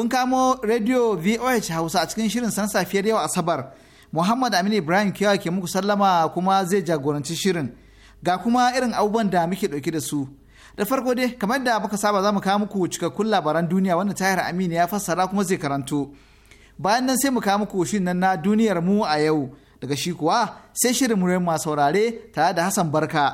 Kun kamo Radio VOH Hausa a cikin shirin san safiyar yau Asabar. Muhammad Aminu Ibrahim kewa ke muku sallama kuma zai jagoranci shirin. Ga kuma irin abubuwan da muke ɗauke da su. Da farko dai, kamar da muka saba za mu kawo muku cikakkun labaran duniya wanda Tahir Aminu ya fassara kuma zai karanto. Bayan nan sai mu kawo muku shirin nan na duniyar mu a yau. Daga shi kuwa sai shirin mu ma saurare tare da Hassan Barka.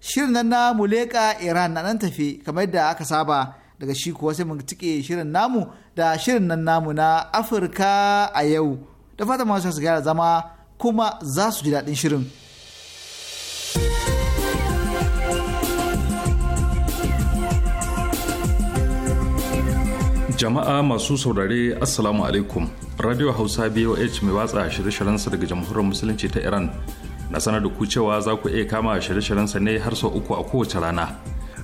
Shirin nan na Muleka Iran na nan tafi kamar da aka saba. daga shi kuwa sai mun tike shirin namu da shirin nan namu na afirka a yau da fata masu su gyara zama kuma za su ji daɗin shirin. jama'a masu saurare assalamu alaikum radio hausa boh mai watsa shirye-shiryensa daga jamhuriyar musulunci ta iran na sanar da ku cewa za ku iya kama shirye-shiryensa ne har sau uku a kowace rana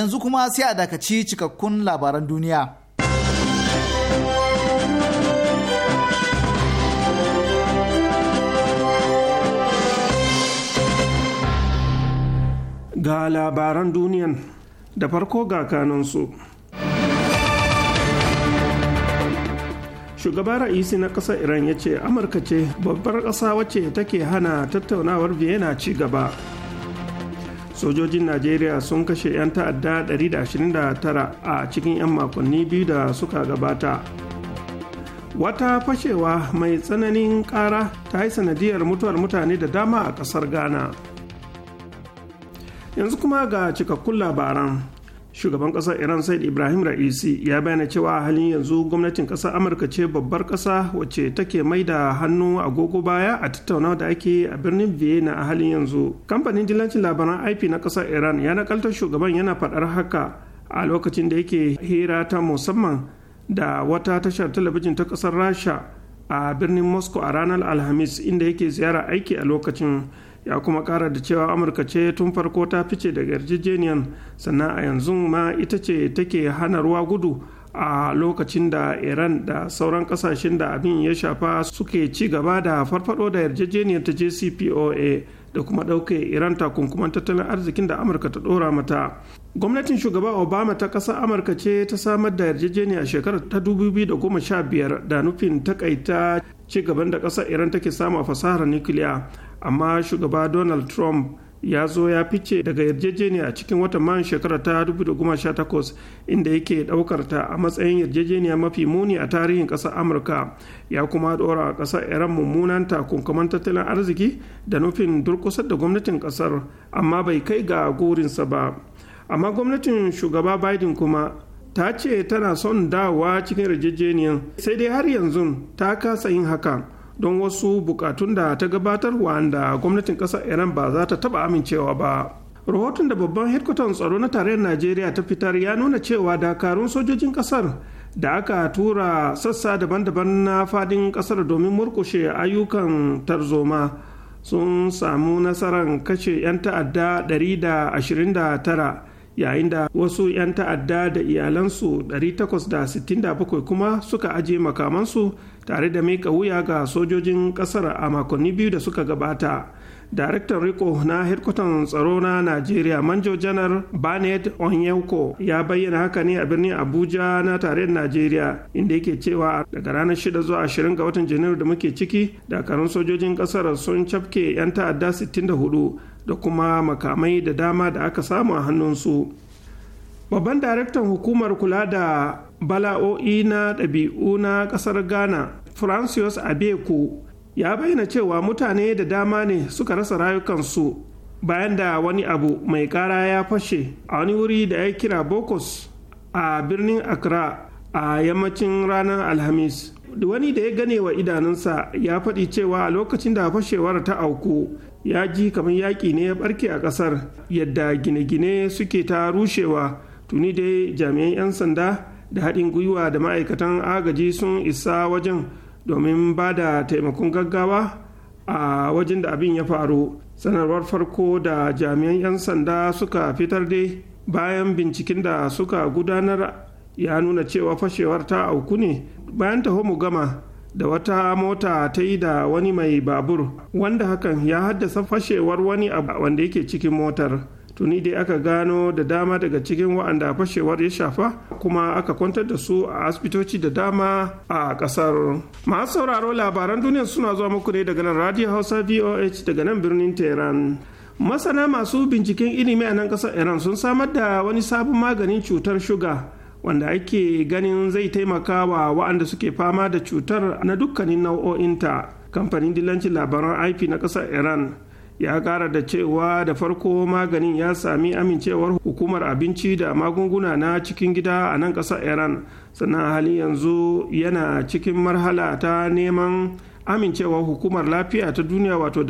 yanzu kuma sai a dakaci cikakkun labaran duniya. Ga labaran duniyan da farko ga kanansu. shugaba ra'isi na ƙasar iran ya ce amurka ce babbar ƙasa wacce take hana tattaunawar vienna ci gaba sojojin najeriya sun kashe 'yan ta'adda 129 a cikin 'yan makonni biyu da suka gabata wata fashewa mai tsananin kara ta yi sanadiyar mutuwar mutane da dama a kasar ghana yanzu kuma ga cikakkun labaran shugaban ƙasar iran said ibrahim ra'isi ya bayyana cewa a halin yanzu gwamnatin ƙasar amurka ce babbar kasa wacce take mai da hannu agogo baya a tattaunawa da ake a birnin vienna a halin yanzu kamfanin dillancin labaran ip na ƙasar iran ya nakaltar shugaban yana faɗar haka a lokacin da yake hira ta musamman da wata tashar talabijin ta kasar rasha a birnin moscow a ranar alhamis inda yake ziyara aiki a lokacin ya kuma kara da cewa amurka ce tun farko ta fice daga yarjejeniyar sannan a yanzu ma ita ce take hana ruwa gudu a lokacin da iran da sauran kasashen da abin ya shafa suke ci gaba da farfado da yarjejeniyar ta jcpoa da kuma ɗauke iran takunkuman tattalin arzikin da amurka ta ɗora mata gwamnatin shugaba obama ta ƙasar amurka ce ta samar da yarjejeniya a shekarar ta 2015 da nufin takaita ci gaban da ƙasar iran take samu a fasahar nukiliya amma shugaba donald trump ya zo ya fice daga yarjejeniya a cikin watan man shekara ta 2018 inda yake daukar ta a matsayin yarjejeniya mafi muni a tarihin ƙasar amurka ya kuma dora a ƙasar iran mummunan takunkaman tattalin arziki da nufin durkusar da gwamnatin ƙasar amma bai kai ga gurinsa ba amma gwamnatin shugaba biden kuma ta ce tana son dawowa cikin yarjejeniyan sai dai har yanzu ta kasa yin haka don wasu bukatun da ta gabatar wanda gwamnatin ƙasar iran ba za ta taɓa amincewa ba rahoton da babban hedkwatan tsaro na tarayyar najeriya ta fitar ya nuna cewa dakarun sojojin ƙasar da aka tura sassa daban-daban na fadin ƙasar domin murkushe ayyukan tarzoma sun samu nasarar kashe 'yan ta'adda 129 yayin da wasu 'yan ta'adda da iyalansu 867 kuma suka aje makamansu tare da mika wuya ga sojojin kasar a makonni biyu da suka gabata daraktan riko na hedkwatan tsaro na najeriya manjo janar banet onyeko ya bayyana haka ne a birnin abuja na tarayyar najeriya inda yake cewa daga ranar shida zuwa 20 ga watan janairu da muke ciki dakarun sojojin kasar sun cafke 'yan ta'adda 64 da kuma makamai da dama da aka samu a hannunsu babban daraktan hukumar kula da bala'o'i na ɗabi'u na ƙasar ghana francis abeko ya bayyana cewa mutane da dama ne suka rasa rayukansu bayan da wani abu mai ƙara ya fashe a wani wuri da ya kira bokos a birnin accra a yammacin ranar alhamis wani da ya gane wa idanunsa ya faɗi cewa a lokacin da fashewar ta auku ya ji kamar yaƙi ne ya ɓarke a ƙasar yadda gine-gine suke ta rushewa tuni dai jami'an 'yan sanda da haɗin gwiwa da ma'aikatan agaji sun isa wajen domin ba da taimakon gaggawa a wajen da abin ya faru sanarwar farko da jami'an 'yan sanda suka fitar dai bayan binciken da suka gudanar ya nuna cewa fashewar ta auku ne bayan ta mu gama da wata mota ta yi da wani mai babur wanda hakan ya haddasa fashewar wani abu wanda yake cikin motar tuni dai aka gano da dama daga cikin wa'anda fashewar ya shafa kuma aka kwantar da su a asibitoci da dama a kasar masu sauraro labaran duniya suna zuwa muku ne daga nan radio hausa voh daga nan birnin tehran masana masu binciken ilimi a nan kasar iran sun samar da wani sabon maganin cutar shuga wanda ake ganin zai taimaka wa wa'anda suke fama da cutar na dukkanin nau'o'inta kamfanin dillancin labaran ip na kasar iran ya kara da cewa da farko maganin ya sami amincewar hukumar abinci da magunguna na cikin gida a nan ƙasar iran sannan hali yanzu yana cikin marhala ta neman amincewar hukumar lafiya ta duniya wato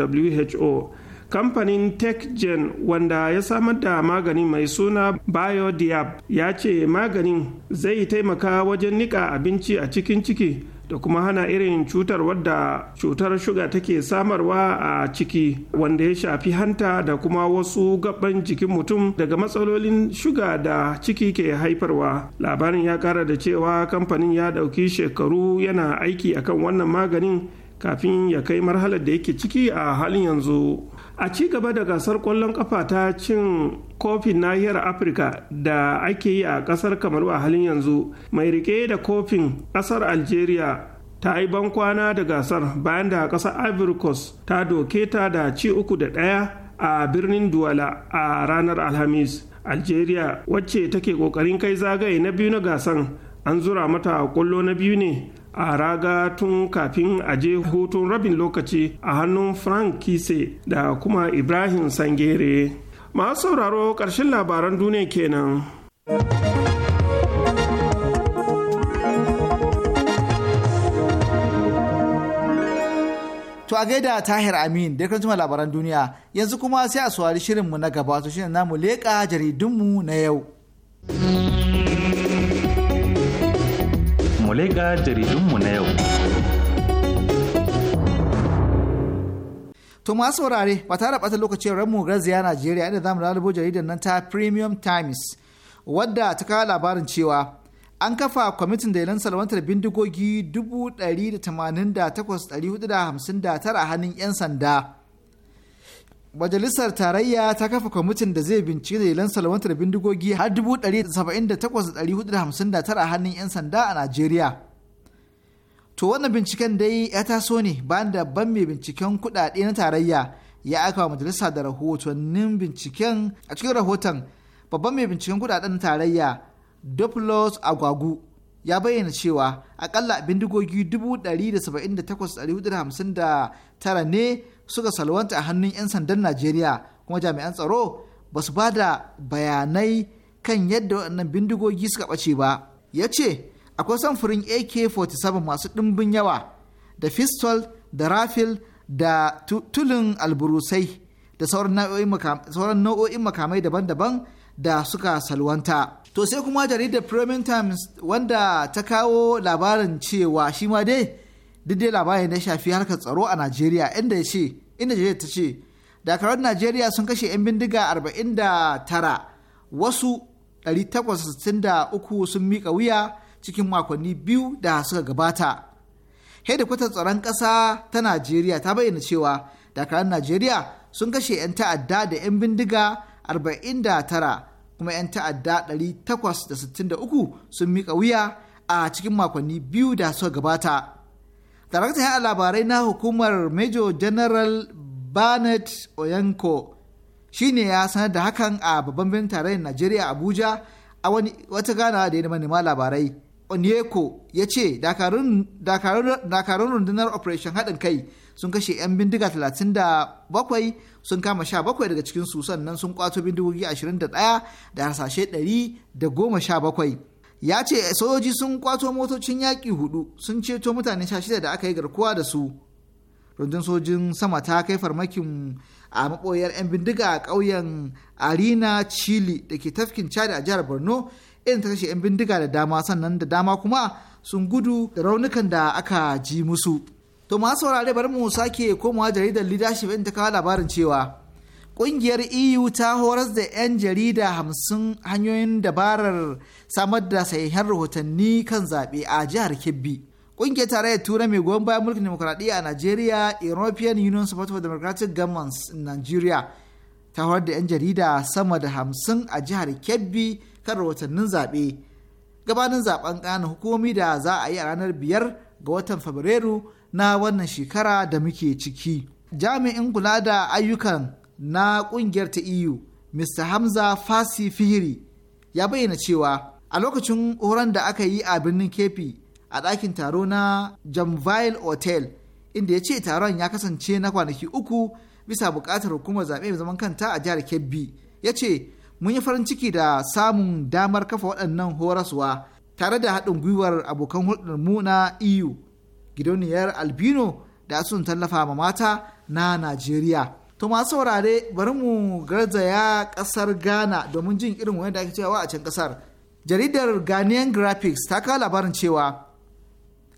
who kamfanin techgen wanda ya samar da maganin mai suna biodiab ya ce maganin zai taimaka wajen niƙa abinci a cikin ciki da kuma hana irin cutar wadda cutar shuga take samarwa a ciki wanda ya shafi hanta da kuma wasu gaban jikin mutum daga matsalolin shuga da ciki ke haifarwa labarin ya kara da cewa kamfanin ya dauki shekaru yana aiki akan wannan maganin kafin ya kai marhalar da yake ciki a halin yanzu a ci gaba da gasar kwallon kafa ta cin kofin nahiyar afirka da ake yi a kasar kamaru a halin yanzu mai rike da kofin kasar algeria ta yi bankwana da gasar bayan da kasar ivory coast ta doke ta da ci uku da ɗaya a birnin duwala a ranar alhamis algeria wacce take kokarin kai zagaye na biyu na gasan an zura mata kwallo na biyu ne a raga tun kafin a je hutun rabin lokaci a hannun frank kise da kuma ibrahim sangere masu sauraro ƙarshen labaran duniya kenan. To a gaida Tahir Amin da kan labaran duniya yanzu kuma sai a shirin mu na gaba to shirin namu leƙa jaridunmu na yau. ga jaridunmu na yau. To masu saurare ba tare ɓata lokacin ranmu garzaya Najeriya inda zamu lalubo jaridar nan ta Premium Times wadda ta kawo labarin cewa an kafa kwamitin da salwantar bindigogi 188,459 a hannun 'yan sanda. Majalisar Tarayya ta kafa kwamitin da zai bincike dalilan salwantar bindigogi har 178,459 a hannun 'yan sanda a Najeriya. To wannan binciken dai ya taso ne bayan da ban mai binciken kuɗaɗe na tarayya ya aika wa majalisa da rahotannin binciken a cikin rahoton babban mai binciken kuɗaɗen tarayya Duplos Agwagu ya bayyana cewa akalla bindigogi 178,459 ne suka salwanta a hannun 'yan sandan najeriya kuma jami'an tsaro ba su ba da bayanai kan yadda waɗannan bindigogi suka ɓace ba ya ce akwai samfurin ak-47 masu ɗimbin yawa da fistol da rafil da tulin alburusai da sauran nau'o'in makamai daban-daban da suka salwanta. To sai kuma jaridar Premium Times wanda ta kawo labarin cewa shi ma dai duk dai labarin da shafi harkar tsaro a najeriya inda ya ce inda ta ce dakarun najeriya sun kashe 'yan bindiga 49 wasu 863 sun mika wuya cikin makonni biyu da suka gabata hedikwatar tsaron ƙasa ta najeriya ta bayyana cewa dakarun najeriya sun kashe 'yan ta'adda da 'yan bindiga 49 kuma 'yan ta'adda 863 sun mika wuya a cikin makonni biyu da suka gabata daraktan ya labarai na hukumar major general barnett oyanko ne ya sanar da hakan a babban birnin tarayyar najeriya abuja a wani wata ganawa da ya manema labarai onyeko ya ce dakarun rundunar operation haɗin kai sun kashe 'yan bindiga 37 sun kama 17 daga cikin sannan sun kwato bindigogi 21 da hasashe 117 ya ce sojoji sun kwato motocin yaƙi hudu sun ceto mutane sha shida da aka yi garkuwa da su rundun sojin sama ta kai farmakin a maɓoyar 'yan bindiga a ƙauyen arena chile da ke tafkin chad a jihar borno irin ta kashe 'yan bindiga da dama sannan da dama kuma sun gudu da raunukan da aka ji musu to masu saurare bari mu sake komawa jaridar leadership in ta kawo labarin cewa Ƙungiyar EU ta horar da 'yan jarida hamsin hanyoyin dabarar samar da sahihan rahotanni kan zaɓe a jihar Kebbi. Ƙungiyar tarayyar Turai mai goyon bayan mulkin demokuraɗiyya a Najeriya, European Union Support for Democratic Governments in Nigeria, ta horar da 'yan jarida sama da hamsin a jihar Kebbi kan rahotannin zaɓe. Gabanin zaɓen ƙananan hukumomi da za a yi a ranar biyar ga watan Fabrairu na wannan shekara da muke ciki. Jami'in kula da ayyukan na kungiyar ta EU, Mr. Hamza Fasi Fihiri, ya bayyana cewa a lokacin horon da aka yi a birnin Kefi a ɗakin taro na Jamvile Hotel, inda ya ce taron ya kasance na kwanaki uku bisa buƙatar hukumar zaɓe mai zaman kanta a jihar Kebbi. Ya ce, mun yi farin ciki da samun damar kafa waɗannan horaswa tare da haɗin gwiwar abokan mu na EU, gidauniyar albino da sun tallafa ma mata na Najeriya. to masu saurare bari mu garzaya kasar ghana domin jin irin wani da ake cewa a can kasar jaridar ghanaian graphics ta kawo labarin cewa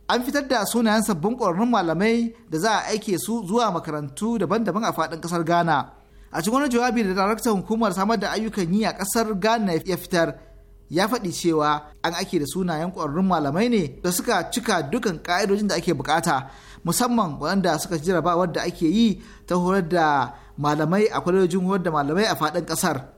an fitar da sunayen sabbin ƙwararrun malamai da za a aike su zuwa makarantu daban-daban a faɗin ƙasar ghana a cikin wani jawabi da daraktan hukumar samar da ayyukan yi a ƙasar ghana ya fitar ya faɗi cewa an ake da sunayen ƙwararrun malamai ne da suka cika dukan ƙa'idojin da ake bukata musamman waɗanda suka ci jarabawar da ake yi ta horar da malamai a kwalejin horar da malamai a faɗin ƙasar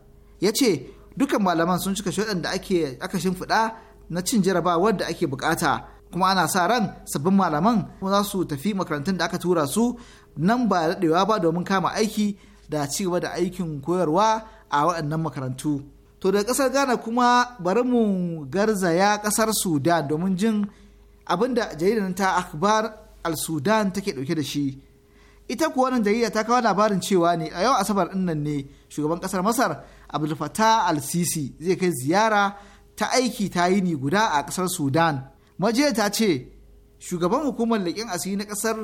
ya ce dukan malaman sun cika shaɗan da ake aka shimfiɗa na cin jarabawar da ake bukata kuma ana sa ran sabbin malaman kuma za su tafi makarantun da aka tura su nan ba daɗewa ba domin kama aiki da ci gaba da aikin koyarwa a waɗannan makarantu. to da kasar ghana kuma bari mu garzaya kasar sudan domin jin abin da jaridar ta akbar al-sudan take dauke da shi ita kuwa nan jarida ta kawo labarin cewa ne a yau asabar din nan ne shugaban kasar masar abdul fattah al-sisi zai kai ziyara ta aiki ta yini guda a kasar sudan majiya ta ce shugaban hukumar leƙen asiri na kasar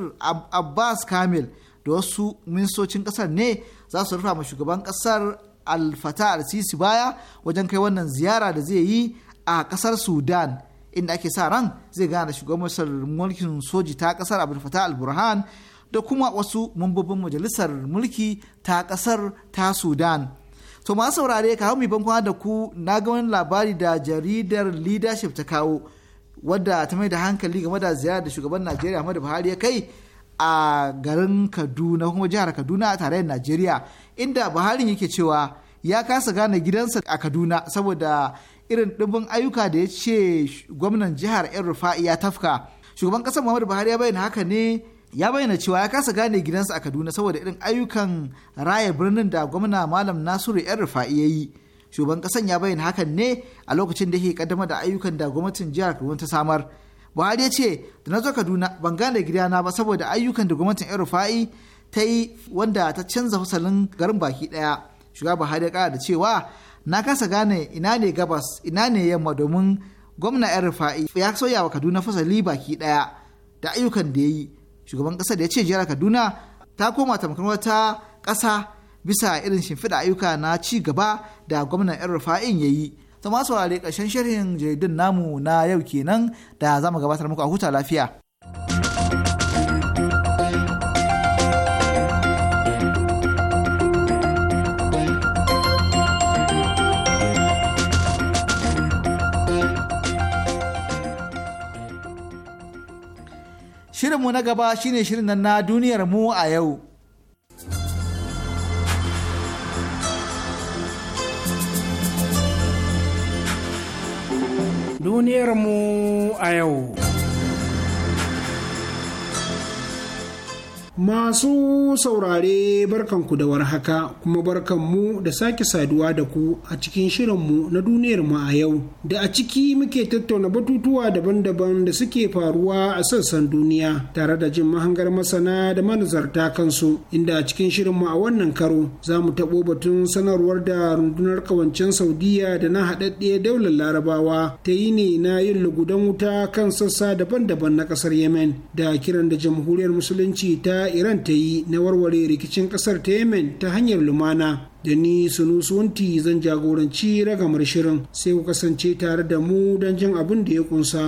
abbas kamil da wasu ministocin kasar ne za su rufa ma shugaban kasar alfata al-sisi baya wajen kai wannan ziyara da zai yi a kasar sudan inda ake sa ran zai gane da mulkin soji ta kasar abdul al-burhan da kuma wasu mambobin majalisar mulki ta kasar ta sudan to ma saurare ka mu ban da ku na ga wani labari da jaridar leadership ta kawo wadda ta mai da hankali game da ziyara da shugaban najeriya muhammadu buhari ya kai a garin kaduna kuma jihar kaduna a tarayyar najeriya inda buharin yake cewa ya kasa gane gidansa a kaduna saboda irin ɗumbin ayyuka da ya ce gwamnan jihar yan rufa'i ya tafka shugaban ƙasar muhammadu buhari ya bayyana haka ne ya bayyana cewa ya kasa gane gidansa a kaduna saboda irin ayyukan raya birnin da gwamna malam nasiru yan rufa'i ya yi shugaban ƙasar ya bayyana hakan ne a lokacin da yake kaddamar da ayyukan da gwamnatin jihar kaduna ta samar buhari ya ce da na zo kaduna ban gane gidana ba saboda ayyukan da gwamnatin rufa'i ta yi wanda ta canza fasalin garin baki daya shugaba buhari ya kara da cewa na kasa gane ina ne gabas ina ne yamma domin gwamna rufa'i ya sauya wa kaduna fasali baki daya da ayyukan da ya yi shugaban kasa da ya ce jihar kaduna ta koma tamkar wata kasa bisa irin shimfiɗa ayyuka na ci gaba da gwamnan yan rufa'in ya yi to ma saurare ƙarshen shirin jaridun namu na yau kenan da za mu gabatar muku a huta lafiya. Shirinmu na gaba shine shirin na duniyar mu a yau. duniyarmu a yau. Masu saurare barkanku da warhaka kuma barkanmu da sake saduwa da ku a cikin shirinmu na duniyar mu a yau da a ciki muke tattauna batutuwa daban-daban da suke faruwa a sassan duniya tare da jin mahangar masana da manazarta kansu inda a cikin shirinmu a wannan karo za mu taɓo batun sanarwar da rundunar kawancen saudiya da na haɗaɗɗe daular larabawa ta yi ne na yin lugudan wuta kan sassa daban-daban na ƙasar yemen da kiran da jamhuriyar musulunci ta iran ta yi na warware rikicin kasar ta yemen ta hanyar lumana da ni sunusunti zan jagoranci ragamar shirin sai ku kasance tare da mu don jin abin da ya kunsa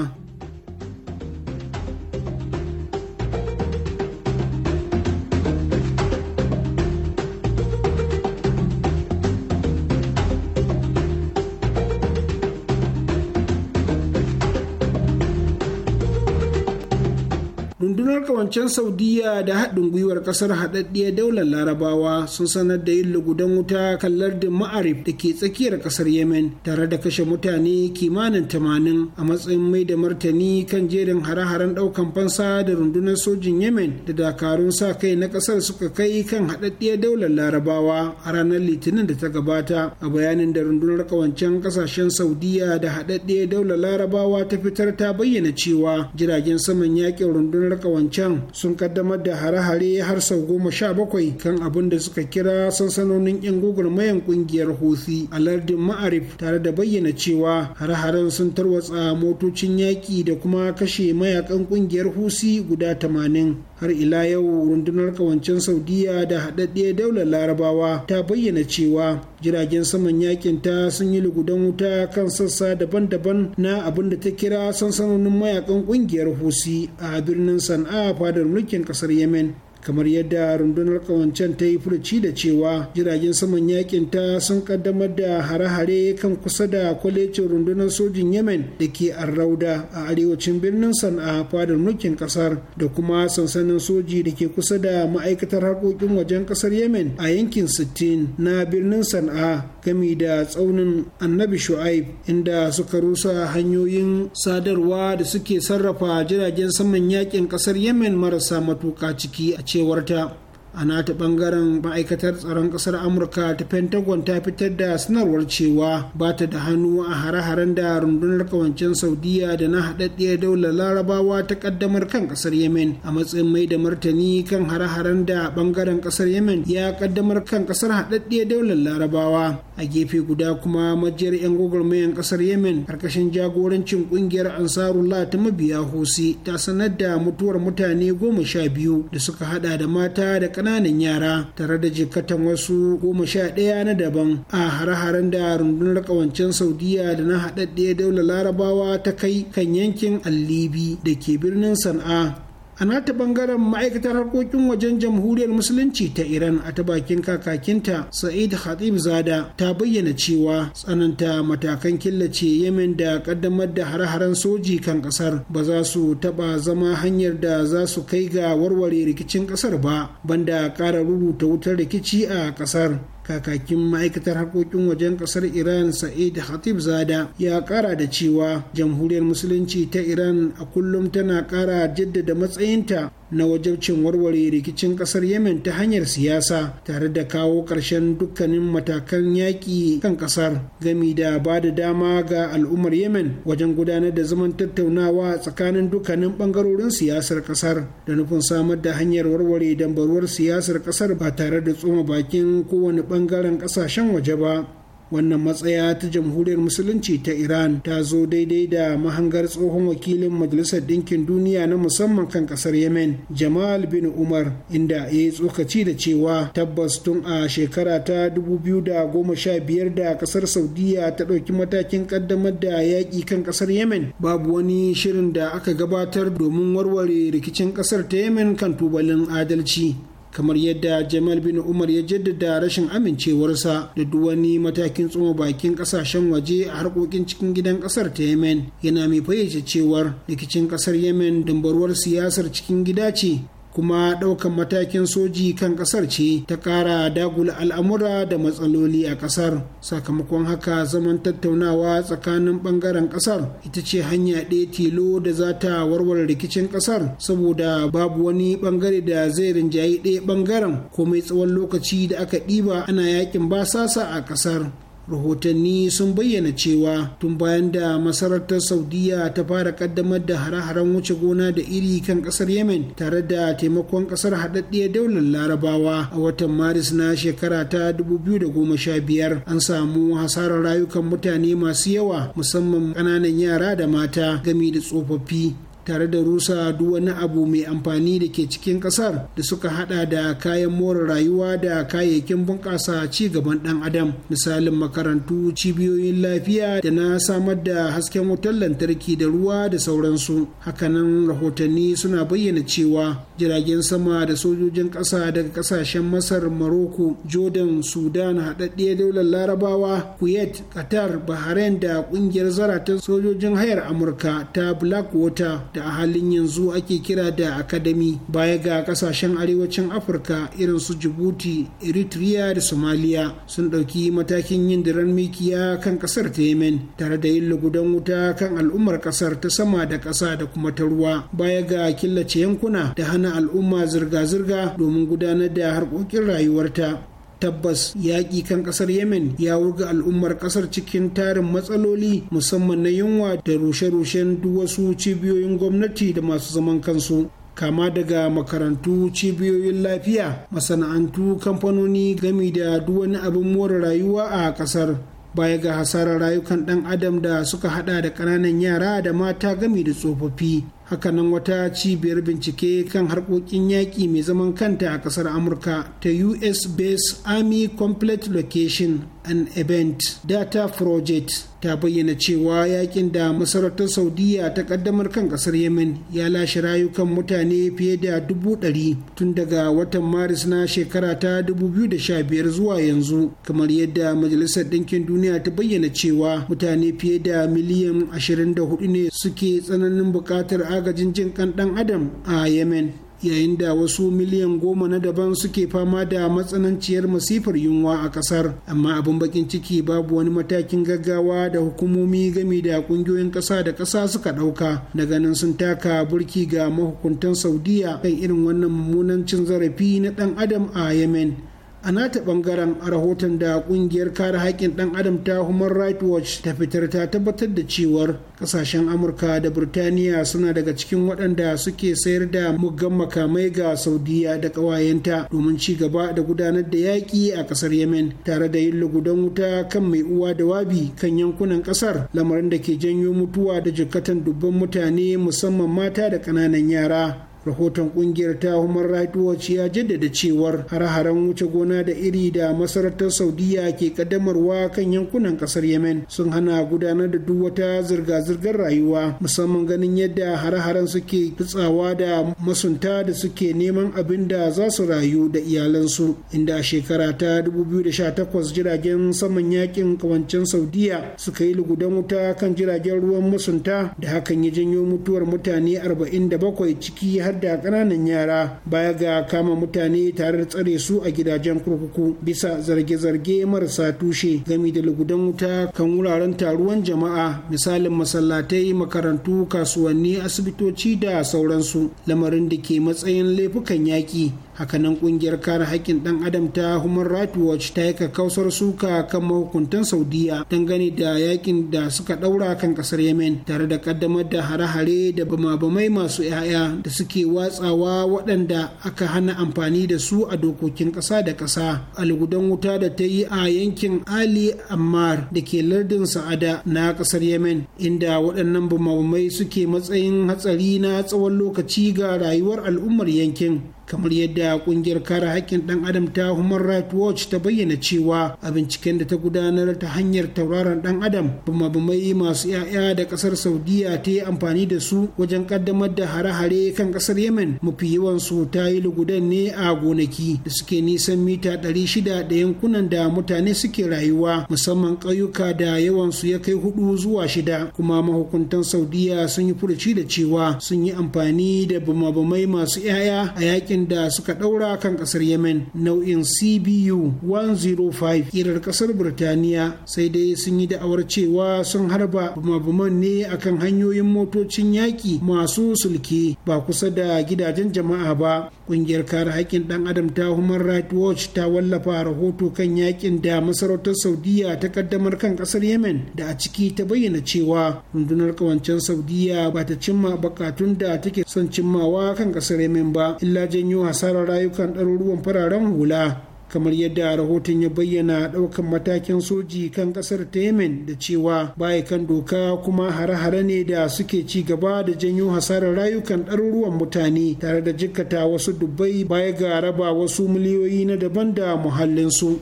kawancen saudiya da haɗin gwiwar ƙasar haɗaɗɗiya daular larabawa sun sanar da yin lugudan wuta kan lardin ma'arif da ke tsakiyar ƙasar yemen tare da kashe mutane kimanin tamanin a matsayin mai da martani kan jerin hare-haren ɗaukan fansa da rundunar sojin yemen da dakarun sa kai na ƙasar suka kai kan haɗaɗɗiya daular larabawa a ranar litinin da ta gabata a bayanin da rundunar ƙawancen ƙasashen saudiya da haɗaɗɗiya daular larabawa ta fitar ta bayyana cewa jiragen saman yaƙin rundunar kawancen can sun kaddamar da hare-hare har sau goma sha bakwai kan abin da suka kira sansanonin 'yan gwagwarmayan kungiyar hosi a lardin ma'arif tare da bayyana cewa hare-haren sun tarwatsa motocin yaƙi da kuma kashe mayakan kungiyar husi guda tamanin, har ila yau rundunar kawancen saudiya da haɗaɗɗe daular larabawa ta bayyana cewa jiragen saman yakin ta sun yi lugudan wuta kan sassa daban-daban na abin da ta kira sansanonin mayakan kungiyar husi a birnin sana'a fadar mulkin kasar yemen kamar yadda rundunar kawancen ta yi furci da cewa jiragen saman yakin ta sun kaddamar da hare-hare kan kusa da kwalecin rundunar sojin yemen da ke arrauda a arewacin birnin sana'a fadar mulkin kasar da kuma sansanin soji da ke kusa da ma'aikatar harkokin wajen kasar yemen a yankin 60 na birnin sana'a gami da tsaunin annabi shu'aib inda suka rusa hanyoyin sadarwa da suke sarrafa jiragen saman yakin kasar yemen marasa matuka ciki a cewarta a nata bangaren ma'aikatar tsaron kasar amurka ta pentagon ta fitar da sanarwar cewa ba ta da hannu a hare-haren da rundunar kawancen saudiya da na haɗaɗɗiyar daular larabawa ta ƙaddamar kan ƙasar yemen a matsayin mai da martani kan hare-haren da bangaren ƙasar yemen ya ƙaddamar kan kasar haɗaɗɗiyar daular larabawa a gefe guda kuma majiyar 'yan gwagwarmayan ƙasar yemen karkashin jagorancin ƙungiyar ansarullah ta mabiya hosi ta sanar da mutuwar mutane goma sha biyu da suka haɗa da mata da ƙananan yara tare da jikatan wasu goma sha ɗaya na daban a hare-haren da rundunar ƙawancen saudiya da na haɗaɗɗe daular larabawa ta kai kan yankin allibi da ke birnin sana'a a nata bangaren ma'aikatar harkokin wajen jamhuriyar musulunci ta iran a ta bakin kakakinta sa'id hadib zada ta bayyana cewa tsananta matakan killace yemen da kaddamar da hare-haren soji kan kasar ba za su taba zama hanyar da za su kai ga warware rikicin kasar ba banda kara rubuta wutar rikici a kasar kakakin ma'aikatar harkokin wajen kasar iran sa'id hatib zada ya kara da cewa jamhuriyar musulunci ta iran a kullum tana kara jaddada matsayinta na wajabcin warware rikicin kasar yemen ta hanyar siyasa tare da kawo ƙarshen dukkanin matakan yaƙi kan kasar gami da ba da dama ga al'ummar yemen wajen gudanar da zaman tattaunawa tsakanin dukkanin ɓangarorin siyasar kasar da nufin samar da hanyar warware dambaruwar siyasar kasar ba tare da tsoma bakin kowane ɓangaren ƙasashen waje ba wannan matsaya ta jamhuriyar musulunci ta iran ta zo daidai da mahangar tsohon wakilin majalisar ɗinkin duniya na musamman kan ƙasar yemen jamal bin umar inda ya yi tsokaci da cewa tabbas tun a shekara ta dubu biyu da goma sha biyar da ƙasar saudiya ta ɗauki matakin ƙaddamar da yaƙi kan ƙasar yemen babu wani shirin da aka gabatar domin warware rikicin ƙasar ta yemen kan tubalin adalci kamar yadda jamal bin umar ya jaddada rashin amincewarsa da duk wani matakin tsoma bakin kasashen waje a harkokin cikin gidan kasar ta yemen yana mai fayyace cewar rikicin kasar yemen dambarwar siyasar cikin gida ce kuma ɗaukan matakin soji kan ƙasar ce ta ƙara dagula al'amura da matsaloli a ƙasar sakamakon haka zaman tattaunawa tsakanin ɓangaren ƙasar ita ce hanya ɗaya tilo da za ta warware rikicin ƙasar saboda babu wani ɓangare da zai rinjayi ɗaya ɓangaren komai tsawon lokaci da aka ɗiba ana yakin basasa a ƙasar rahotanni sun bayyana cewa tun bayan da masarautar saudiya ta fara kaddamar da hare-haren wuce gona da iri kan kasar yemen tare da taimakon kasar haɗaɗɗiyar daular larabawa a watan maris na shekara ta 2015 an samu hasarar rayukan mutane masu yawa musamman ƙananan yara da mata gami da tsofaffi tare da rusa duk wani abu mai amfani da ke cikin kasar da suka hada da kayan more rayuwa da kayayyakin bunƙasa ci gaban ɗan adam misalin makarantu cibiyoyin lafiya da na samar da hasken wutar lantarki da ruwa da sauransu hakanan rahotanni suna bayyana cewa jiragen sama da sojojin ƙasa daga ƙasashen masar maroko jordan sudan haɗaɗɗiyar daular larabawa kuwait qatar bahrain da ƙungiyar zaratan sojojin hayar amurka ta black blackwater da a halin yanzu ake kira da akadami baya ga kasashen arewacin afirka irin su jibuti eritrea da Somalia sun ɗauki matakin yin diran mikiya kan ƙasar ta yemen tare da yin lugudan wuta kan al'ummar ƙasar ta sama da ƙasa da kuma ta ruwa baya ga killace yankuna da hana al'umma zirga-zirga domin gudanar da harkokin rayuwarta tabbas yaƙi kan ƙasar yemen ya wurga al'ummar ƙasar cikin tarin matsaloli musamman na yunwa da rushe-rushen duk wasu cibiyoyin gwamnati da masu zaman kansu kama daga makarantu cibiyoyin lafiya masana'antu kamfanoni gami da duk wani abin more rayuwa a ƙasar baya ga hasarar rayukan dan adam da suka hada da kananan yara da mata gami da tsofaffi hakanan wata cibiyar bincike kan harkokin yaƙi mai zaman kanta a ƙasar amurka ta us-based army complete location and event data project ta bayyana cewa yakin da masarautar saudiya ta kaddamar kan kasar yemen ya lashe rayukan mutane fiye da dubu ɗari tun daga watan maris na shekara ta 2015 zuwa yanzu kamar yadda majalisar ɗinkin duniya ta bayyana cewa mutane fiye da miliyan 24 ne suke tsananin buƙatar agajin jin kan dan adam a yemen yayin da wasu miliyan goma na daban suke fama da matsananciyar masifar yunwa a kasar amma abin bakin ciki babu wani matakin gaggawa da hukumomi gami da kungiyoyin kasa da kasa suka dauka da ganin sun taka burki ga mahukuntan saudiya kan irin wannan mummunan cin zarafi na dan adam a yemen a nata bangaren a rahoton da kungiyar kare haƙƙin ɗan adam ta human rights watch ta fitar ta tabbatar da cewar ƙasashen amurka da burtaniya suna daga cikin waɗanda suke sayar da muggan makamai ga saudiya da ƙawayenta domin ci gaba da gudanar da yaƙi a ƙasar yemen tare da yin lugudan wuta kan mai uwa da wabi kan yankunan ƙasar lamarin da ke janyo mutuwa da jikkatan dubban mutane musamman mata da ƙananan yara rahoton kungiyar ta human right watch ya jaddada cewar har-haren wuce gona da iri da masarautar saudiya ke kaddamarwa kan yankunan kasar yemen sun hana gudanar da duk wata zirga-zirgar rayuwa musamman ganin yadda har-haren suke kitsawa da masunta da suke neman abin da za su rayu da iyalansu inda a shekara ta 2018 jiragen saman yakin kawancin saudiya suka yi lugudan wuta kan jiragen ruwan masunta da hakan ya janyo mutuwar mutane 47 ciki har har da ƙananan yara baya ga kama mutane tare da tsare su a gidajen kurkuku bisa zarge-zarge marasa tushe gami da lugudan wuta kan wuraren taruwan jama'a misalin masallatai makarantu kasuwanni asibitoci da sauransu lamarin da ke matsayin laifukan yaƙi hakanan kungiyar kare haƙƙin ɗan adam ta human rights watch ta yi kakkausar suka kan mahukuntan saudiya dangane da yakin da suka ɗaura kan ƙasar yemen tare da ƙaddamar da hare-hare da bama-bamai masu 'ya'ya da suke watsawa waɗanda aka hana amfani da su a dokokin ƙasa da ƙasa algudan wuta da ta yi a yankin ali ammar da ke lardin sa'ada na ƙasar yemen inda waɗannan bama-bamai suke matsayin hatsari na tsawon lokaci ga rayuwar al'ummar yankin kamar yadda kungiyar kare haƙƙin ɗan adam ta human rights watch ta bayyana cewa a binciken da ta gudanar ta hanyar tauraron ɗan adam bumabumai masu ya'ya da ƙasar saudiya ta yi amfani da su wajen ƙaddamar da hare-hare kan ƙasar yemen mafi yawan su ta yi lugudan ne a gonaki da suke nisan mita 600 da yankunan da mutane suke rayuwa musamman ƙauyuka da yawan su ya kai hudu zuwa shida kuma mahukuntan saudiya sun yi furuci da cewa sun yi amfani da bumabumai masu ya'ya a yaƙi yakin da suka ɗaura kan ƙasar yemen nau'in cbu 105 kirar kasar birtaniya sai dai sun yi da'awar cewa sun harba bumabuman ne akan hanyoyin motocin yaƙi masu sulke ba kusa da gidajen jama'a ba ƙungiyar kare haƙƙin ɗan adam ta human rights watch ta wallafa rahoto kan yakin da masarautar saudiya ta kaddamar kan kasar yemen da a ciki ta bayyana cewa rundunar kawancen saudiya ba ta cimma bakatun da take son cimmawa kan kasar yemen ba illa janyo hasarar rayukan ɗaruruwan fararen hula kamar yadda rahoton ya bayyana ɗaukan matakin soji kan ƙasar ta yemen da cewa baya kan doka kuma hare-hare ne da suke ci gaba da janyo hasarar rayukan ɗaruruwan mutane tare da jikkata wasu dubbai baya ga raba wasu miliyoyi na daban da muhallinsu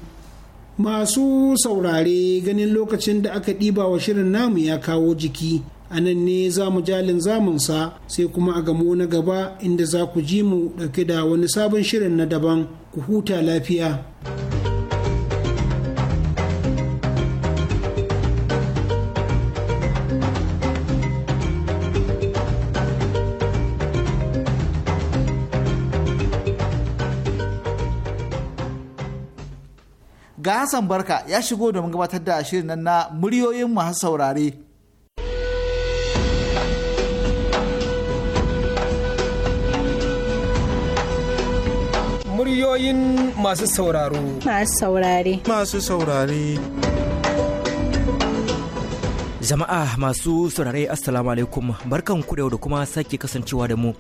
masu saurare ganin lokacin da aka ɗiba wa shirin namu ya kawo jiki a nan ne za mu jalin zamunsa sai kuma a gamo na gaba inda za ku ji mu ɗauke da wani sabon shirin na daban ku huta lafiya. ga Hassan Barka ya shigo domin gabatar da shirin nan na muryoyin masu saurare. Muryoyin masu sauraro. Masu saurare. Masu saurare. Jama'a masu saurare Assalamu alaikum barkanku da da kuma sake kasancewa da mu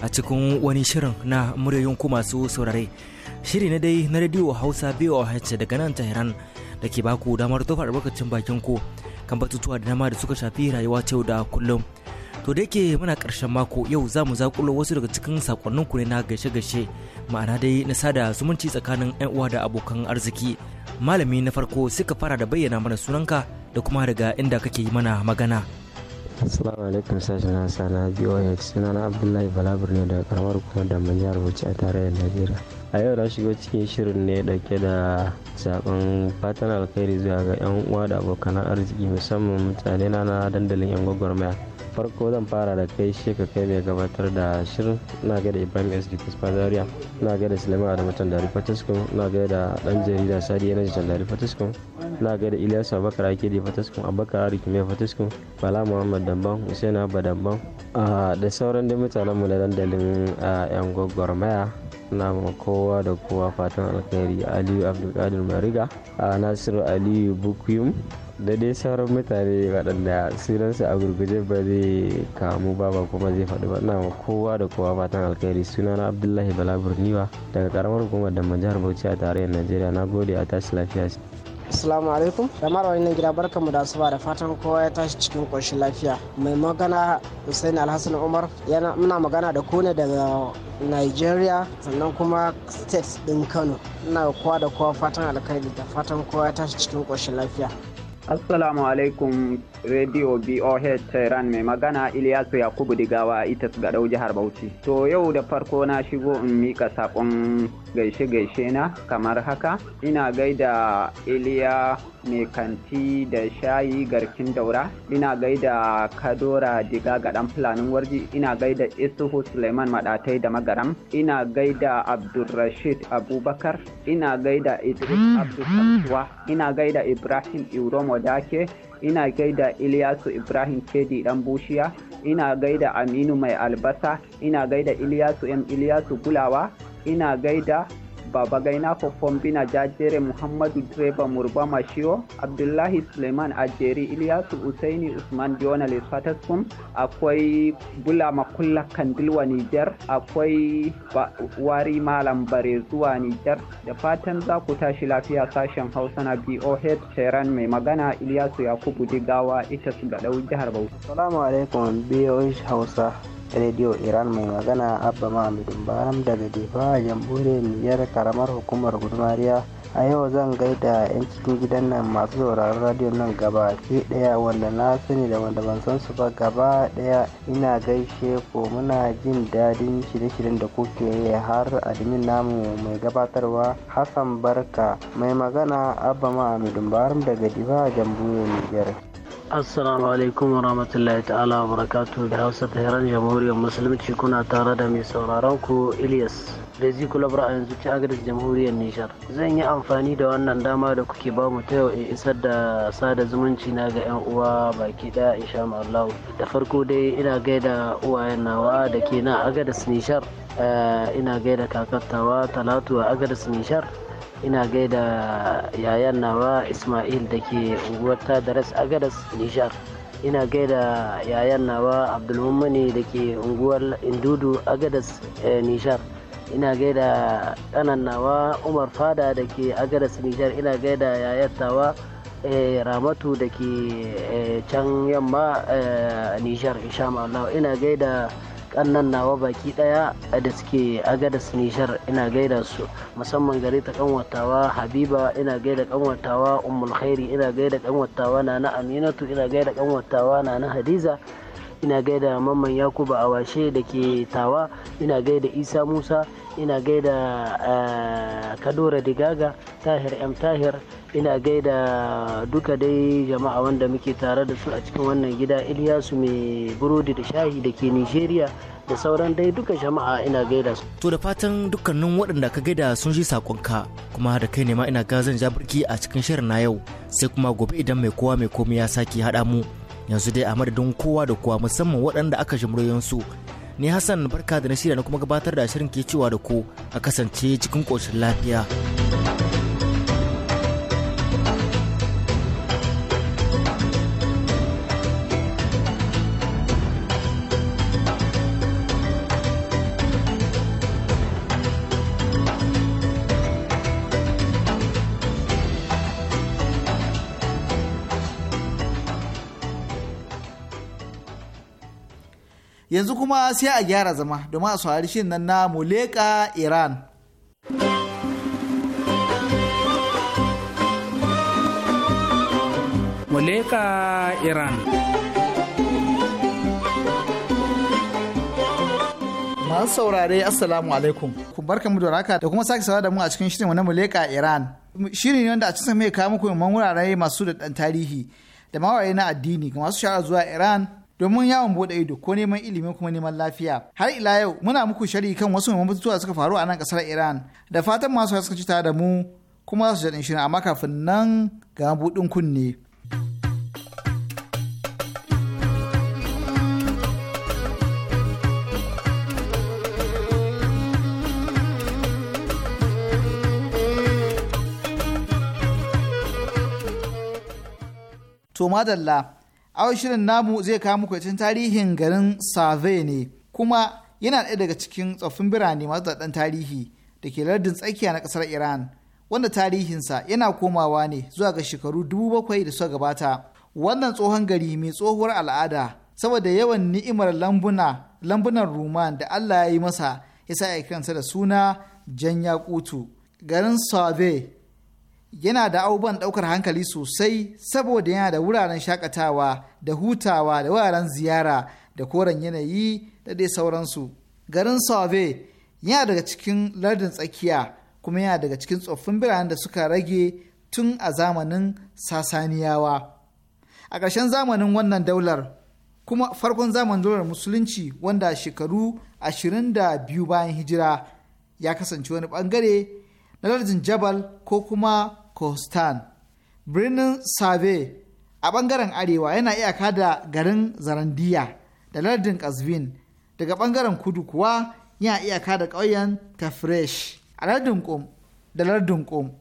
a cikin wani shirin na muryoyin ku masu saurare. Shiri na dai na radio Hausa biyu a BOH daga nan Tehran da ke baku damar tofa albarkacin bakin ku kan batutuwa da dama da suka shafi rayuwa ta da kullum. to da yake muna karshen mako yau za mu zakulo wasu daga cikin sakonnin ku ne na gaishe-gaishe ma'ana dai na sada zumunci tsakanin 'yan uwa da abokan arziki malami na farko suka fara da bayyana mana sunanka da kuma daga inda kake yi mana magana Assalamu alaikum sashen Hausa na BOX suna na Abdullahi Balabur ne daga karamar hukumar da jihar Bauchi a tarayyar Najeriya. a yau na shigo cikin shirin ne dauke da sakon fatan alkhairi zuwa ga yan uwa da abokan arziki musamman mutane na na dandalin yan gwagwarmaya farko zan fara da kai shi kai mai gabatar da shirin na gaida ibrahim s d zaria na gaida sulaiman adamu tandari fataskun na gaida dan jarida sadi yanayi tandari fataskun na gaida ilyas abakar akidi fataskun abakar ariki mai fataskun bala muhammad damban husaina abba damban ah, da sauran dai mutanen mu na dandalin yan ah, gwagwarmaya na ma kowa da kowa fatan alkhairi aliyu abdulkadir mariga a nasiru aliyu bukum da dai sauran mutane waɗanda sunansu a gurguje ba zai kamu ba ba kuma zai faɗi ba na kowa da kowa fatan alkhairi sunana abdullahi bala burniwa daga karamar hukumar da jihar bauchi a tarayyar najeriya na gode a tashi lafiya Assalamu alaikum. Jama'ar wannan gida barkanmu da asuba da fatan kowa ya tashi cikin ƙoshin lafiya. Mai magana Hussein Alhassan Umar yana muna magana da ku ne daga nigeria sannan kuma state ɗin kano ina kowa da kowa fatan alkhairi da fatan kowa ya tashi cikin ƙoshin lafiya assalamu alaikum Radio BOH Tehran mai magana Ilyasu Yakubu Digawa ita su gadau jihar Bauchi. To yau da farko na shigo in mika sakon gaishe-gaishe na kamar haka ina gaida Iliya mai kanti da shayi garkin daura ina gaida kadora diga gadan fulanin warji ina gaida isuhu suleiman maɗatai da magaram ina gaida abdulrashid abubakar ina gaida idris hmm. abdulkasuwa ina gaida ibrahim iromo dake ina gaida iliyasu Ibrahim Kedi dan Bushiya, ina gaida Aminu Mai Albasa, ina gaida Ilyasu M Ilyasu Gulawa, ina gaida babagaina fofombina jajere muhammadu direba murba mashio abdullahi suleiman ajeri iliyasu usaini usman diona lesfataskum akwai bula makulla kandilwa nijar akwai wari malam bare zuwa nijar da fatan za ku tashi lafiya sashen hausa na boh tehran mai magana iliyasu yakubu digawa ita su gadau jihar bauchi assalamu alaikum boh hausa rediyo iran mai magana abba mahamudin baram daga jefa jamhuriyar niger karamar hukumar gudumariya a yau zan gaida 'yan cikin gidan nan masu sauraron radio nan gaba ke daya wanda na sani da wanda ban san su ba gaba daya ina gaishe ko muna jin daɗin shirye-shiryen da kuke har admin namu mai gabatarwa hassan barka mai magana abba mahamudin baram daga a jamhuriyar niger assalamu alaikum wa rahmatullahi ta'ala wa barakatu da hausa ta hiran jamhuriyar musulunci kuna tare da mai sauraron ku ilyas da a yanzu ci agadis jamhuriyar nijar zan yi amfani da wannan dama da kuke ba mu ta yau in isar da sada zumunci na ga yan uwa baki daya sha Allah da farko dai ina gaida uwayen nawa da ke na agadis nishar eh, ina gaida tawa talatu a agadis nishar ina gaida yayan nawa ismail da ke unguwar tadaras agadas nijar ina gaida yayan nawa abdulmumani da ke unguwar indudu agadas eh, nijar ina gaida kanan nawa umar fada da ke agadas nijar ina gaida yayan tawa eh, ramatu da ke eh, can yamma nijar insha Allah ina gaida kannan nawa baki daya da suke agadas nishar ina gaida su musamman gare ta kanwatawa habiba ina gaida kanwatawa ummul khairi ina gaida kanwatawa nana aminatu ina gaida kanwatawa nana hadiza ina gaida Mamman Yakubu Awashe da ke Tawa, ina gaida Isa Musa, ina gaida eh, Kadora Digaga, Tahir M Tahir, ina gaida duka dai jama'a wanda muke tare da su a cikin wannan gida Iliyasu mai burodi da shahi da ke Nigeria. da sauran dai duka jama'a ina gaida su. To da fatan dukkanin waɗanda ka gaida sun ji sakonka kuma da kai ne ma ina gazan jabirki a cikin shirin na yau sai kuma gobe idan mai kowa mai komai ya sake haɗa mu yanzu dai a madadin kowa da kowa musamman waɗanda aka ji muryoyinsu ni hassan barka da na shirya na kuma gabatar da shirin ke cewa da ku a kasance cikin ƙoshin lafiya. yanzu kuma sai a gyara zama domin a saurari shirin nan na Muleka Iran. Muleka Iran. Masu saurare Assalamu alaikum. Ku barka mu da raka da kuma sake sawa da mu a cikin shirin na Muleka Iran. Shirin ne wanda a cikin mai kawo muku wurare masu da tarihi da mawaye na addini ga masu shara zuwa Iran domin yawon bude ido ko neman ilimi kuma neman lafiya har ila yau muna muku shari kan wasu muhimman batutuwa suka faru a nan kasar iran da fatan masu suka ci da mu kuma su jaɗin shirin amma kafin nan ga buɗin kunne. To madalla awon shirin namu zai kawo muku cikin tarihin garin Save ne kuma yana ɗaya daga cikin tsoffin birane masu daɗin tarihi da ke lardin tsakiya na ƙasar Iran wanda tarihinsa yana komawa ne zuwa ga shekaru dubu bakwai da suka gabata. Wannan tsohon gari mai tsohuwar al'ada saboda yawan ni'imar lambuna lambunan Ruman da Allah ya yi masa ya sa ya kiransa da suna Jan Yakutu. Garin Save yana da abubuwan ɗaukar hankali sosai saboda yana da wuraren shakatawa da hutawa da wuraren ziyara da koren yanayi da dai sauransu garin sauve yana daga cikin lardin tsakiya kuma yana daga cikin tsoffin biranen da suka rage tun a zamanin sasaniyawa a ƙarshen zamanin wannan daular kuma farkon zamanin daular musulunci wanda shekaru ashirin da biyu bayan hijira ya kasance wani ɓangare na lardin jabal ko kuma Kostan. Birnin save a ɓangaren arewa yana iyaka da garin Zarandiya da lardin Kazvin. Daga ɓangaren kudu kuwa yana iyaka da ƙauyen Tafresh a lardin Qom da lardin Qom.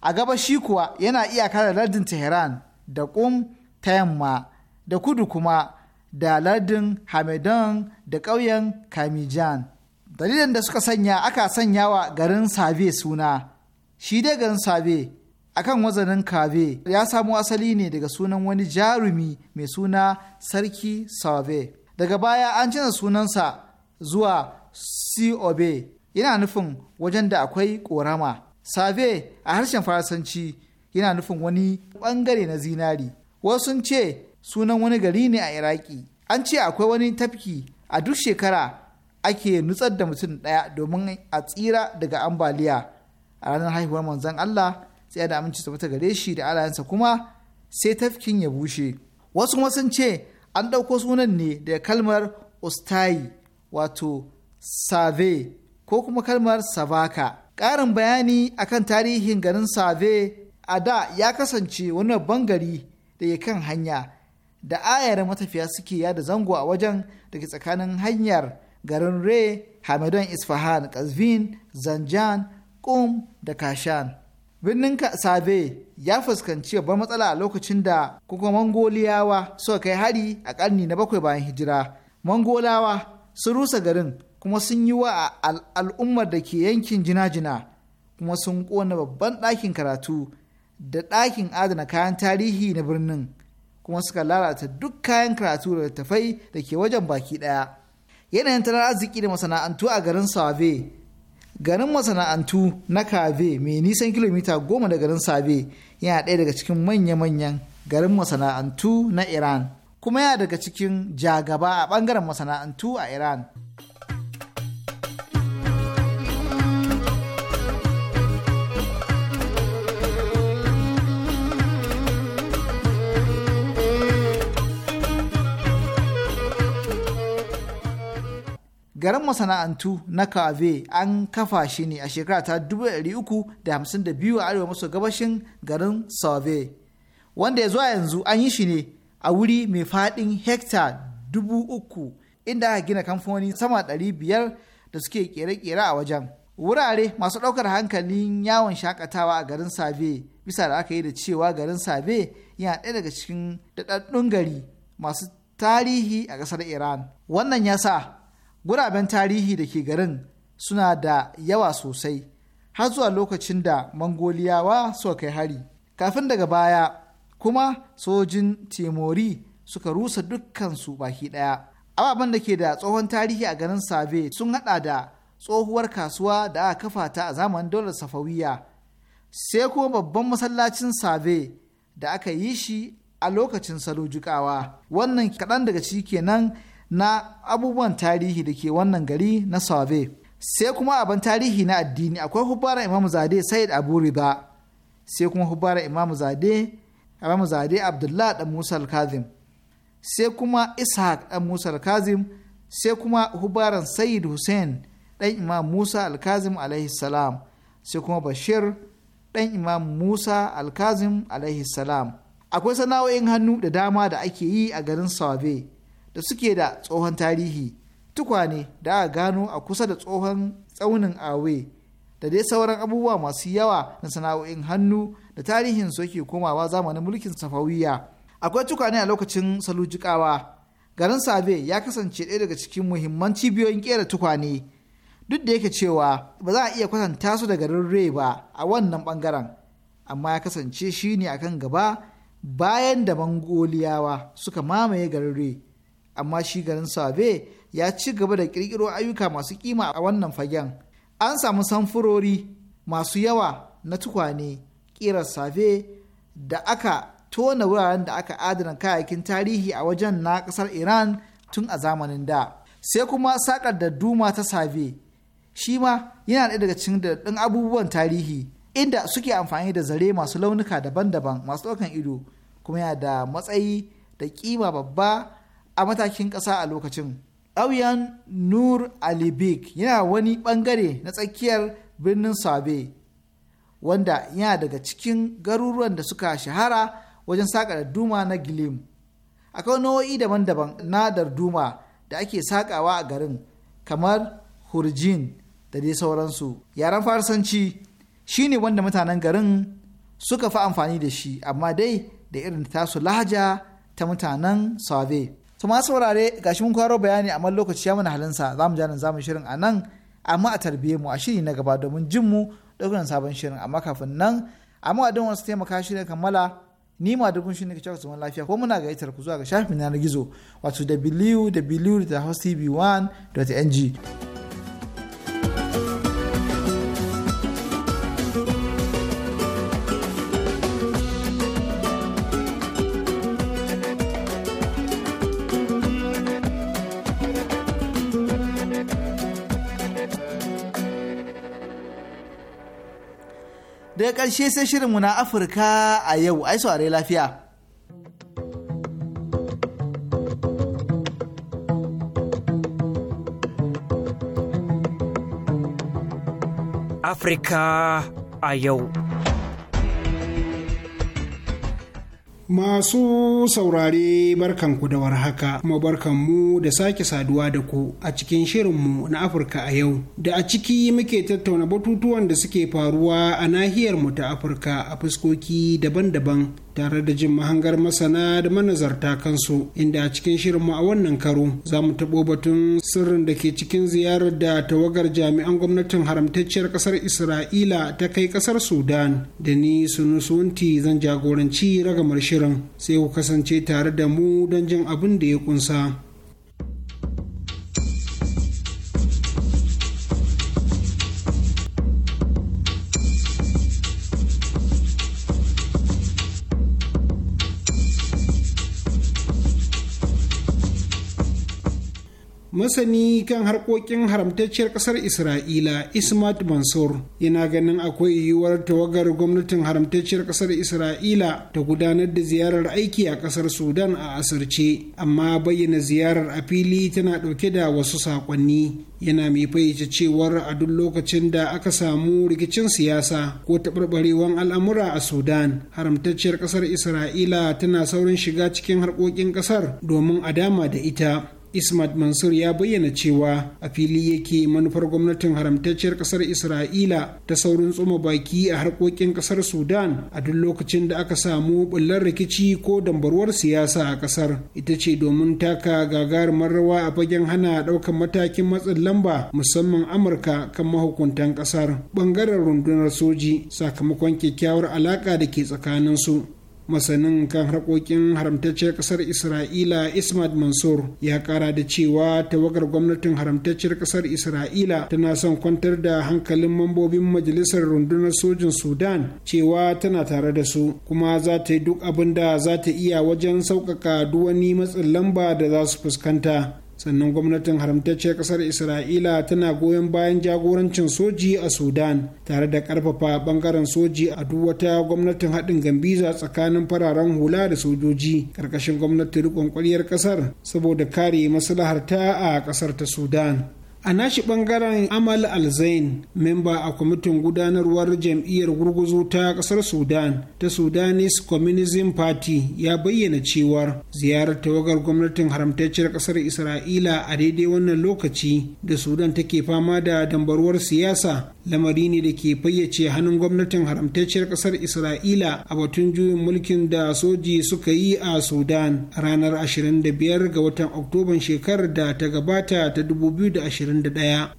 A gabashi kuwa yana iyaka da lardin Tehran da ƙum ta yamma da kudu kuma da lardin Hamadan da ƙauyen Kamijan. Dalilin da suka sanya aka sanya wa garin save suna, shi dai garin save akan wazanin kabe ya samo asali ne daga sunan wani jarumi mai suna sarki sabe daga baya an canza sunansa zuwa siobe yana nufin wajen da akwai korama sabe a harshen faransanci yana nufin wani bangare na zinari wasu sun ce sunan wani gari ne a iraki an ce akwai wani tafki a duk shekara ake nutsar da mutum ɗaya domin a tsira daga ambaliya a ranar haihuwar manzon allah tsaya da aminci tabbata gare shi da alayansa kuma sai tafkin ya bushe wasu kuma sun ce an ɗauko sunan ne daga kalmar ostai wato save ko kuma kalmar savaka ƙarin bayani akan tarihin garin save a da ya kasance wani babban gari da ya kan hanya da ayar matafiya suke yada zango a wajen da ke tsakanin hanyar garin re hamadan isfahan kazvin zanjan kum da kashan birnin save ya fuskanci babbar matsala a lokacin da kuka mongoliyawa suka kai hari a karni na bakwai bayan hijira Mangolawa sun rusa garin kuma sun yi wa al'ummar da ke yankin jina-jina kuma sun kona babban ɗakin karatu da ɗakin adana kayan tarihi na birnin kuma suka lalata duk kayan karatu da littattafai da ke wajen baki ɗaya yanayin tattalin arziki da masana'antu a garin save garin masana'antu na kave mai nisan kilomita goma da garin sabe yana ɗaya daga cikin manya-manyan garin masana'antu na iran kuma yana daga cikin jagaba a ɓangaren masana'antu a iran garin masana'antu na kave an kafa shi ne a shekara ta 352 a arewa maso gabashin garin save wanda ya zuwa yanzu an yi shi ne a wuri mai faɗin hekta 3,000 inda aka gina kamfani sama 500 da suke kere-kere a wajen wurare masu ɗaukar hankalin yawon shakatawa a garin save bisa da aka yi da cewa garin save yana ɗaya daga cikin daɗaɗɗun gari masu tarihi a ƙasar iran wannan ya sa guraben tarihi da ke garin suna da yawa sosai har zuwa lokacin da mangoliyawa suka kai hari kafin daga baya kuma sojin Timori suka rusa dukkansu baki ɗaya ababen da ke da tsohon tarihi a garin save sun hada da tsohuwar kasuwa da aka kafa ta a zamanin daular safawiya sai kuma babban masallacin save da aka yi shi a lokacin salojukawa wannan kaɗan daga ciki kenan na abubuwan tarihi da ke wannan gari na Sawabe. Sai kuma abin tarihi na addini akwai hubbara Imam Zade Said Abu Riba. Sai kuma hubbara Imam Zade Imam Zade Abdullah dan Musa Al-Kazim. Sai kuma Ishaq dan Musa Al-Kazim. Sai kuma hubbaran Sayyid Hussein dan Imam Musa Al-Kazim alaihi salam. Sai kuma Bashir dan Imam Musa Al-Kazim alaihi salam. Akwai sana'o'in hannu da dama da ake yi a garin Sawabe. da suke da tsohon tarihi tukwane da aka gano a kusa da tsohon tsaunin awe da dai sauran abubuwa masu yawa na sana'o'in hannu da tarihin su yake komawa zamanin mulkin safawiya akwai tukwane a lokacin salujikawa garin sabe ya kasance ɗaya daga cikin muhimman cibiyoyin kera tukwane duk da yake cewa ba za a iya kwatanta su da garin Rai ba a wannan bangaren amma ya kasance shine akan gaba bayan da mangoliyawa suka mamaye garin Rai. amma shi garin Sabe ya ci gaba da ƙirƙiro ayyuka masu kima a wannan fagen. An samu samfurori masu yawa na tukwane ƙirar Sabe da aka tona wuraren da aka adana kayayyakin tarihi a wajen na ƙasar Iran tun a zamanin da. Sai kuma saƙar da duma ta Sabe shi ma yana ɗaya daga cikin daɗin abubuwan tarihi inda suke amfani da zare masu launuka daban-daban masu ɗaukan ido kuma yana da matsayi da ƙima babba a matakin ƙasa a lokacin. Ƙauyen Nur Alibik yana wani ɓangare na tsakiyar birnin Sabe, wanda yana daga cikin garuruwan da suka shahara wajen saƙa darduma na Gilim. Akwai nau'o'i daban-daban na darduma da ake saƙawa a garin, kamar Hurjin da dai sauransu. Yaren Farsanci shi ne wanda mutanen garin suka fi amfani da shi, amma dai da irin tasu lahaja ta mutanen Sabe. to ma saurare gashi mun kwaro bayani amma lokaci ya mana halinsa za mu za zamu shirin a nan amma a tarbiyyar mu a shiri na gaba domin jin mu ɗaukunan sabon shirin amma kafin nan amma adon wasu taimaka shirin kammala ni ma dukun shi ne ka cewa lafiya ko muna gaitar ku zuwa ga shafin yanar gizo wato www.hostv1.ng daga ƙarshe sai shirinmu na afirka a yau ai saurari lafiya afirka a yau Masu saurare barkanku da warhaka kuma barkanmu da sake saduwa da ku a cikin shirinmu na Afirka a yau da a ciki muke tattauna batutuwan da suke faruwa a nahiyarmu ta Afirka a fuskoki daban-daban tare da jin mahangar masana da manazarta kansu inda a cikin shirin mu a wannan karo za mu taɓo batun sirrin da ke cikin ziyarar da tawagar jami'an gwamnatin haramtacciyar ƙasar isra'ila ta kai ƙasar sudan da ni sunusunti zan jagoranci ragamar shirin sai ku kasance tare da mu don jin abin da ya ƙunsa. masani kan harkokin haramtacciyar kasar isra'ila ismat mansur yana ganin akwai yiwuwar tawagar gwamnatin haramtacciyar kasar isra'ila ta gudanar da ziyarar aiki a kasar sudan a asirce amma bayyana ziyarar a fili tana dauke da wasu sakonni yana mai fayyace cewar a duk lokacin da aka samu rikicin siyasa ko taɓarɓarewan al'amura a sudan haramtacciyar kasar isra'ila tana saurin shiga cikin harkokin ƙasar domin a dama da ita ismat mansur ya bayyana cewa a fili yake manufar gwamnatin haramtacciyar kasar isra'ila ta saurin tsoma baki a harkokin kasar sudan a duk lokacin da aka samu bullar rikici ko dambarwar siyasa a kasar ita ce domin taka gagarumar rawa a fagen hana daukan matakin matsin lamba musamman amurka kan mahukuntan kasar bangaren rundunar soji sakamakon kyakkyawar alaka da ke tsakaninsu masanin kan harkokin haramtacciyar kasar isra'ila ismail mansur ya kara da cewa tawagar gwamnatin haramtacciyar kasar isra'ila tana son kwantar da hankalin mambobin majalisar rundunar sojin sudan cewa tana tare da su kuma za ta yi duk abin da za ta iya wajen sauƙaƙa duwani matsin lamba da za su fuskanta sannan gwamnatin haramtacce kasar isra'ila tana goyon bayan jagorancin soji a sudan tare da karfafa bangaren soji a duk wata gwamnatin haɗin gambiza tsakanin fararen hula da sojoji karkashin gwamnatin rikon ƙwaryar kasar saboda kare ta a kasar ta sudan a nashi bangaren amal alzain memba a kwamitin gudanarwar jam'iyyar gurguzu ta kasar sudan ta sudanese communism party ya bayyana cewar ziyarar tawagar gwamnatin haramtacciyar kasar isra'ila a daidai wannan lokaci da sudan take fama da dambarwar siyasa lamari ne da ke fayyace hannun gwamnatin haramtacciyar kasar isra'ila a batun juyin mulkin da soji suka yi a sudan ranar 25 ga watan oktoban shekarar da ta gabata ta 2021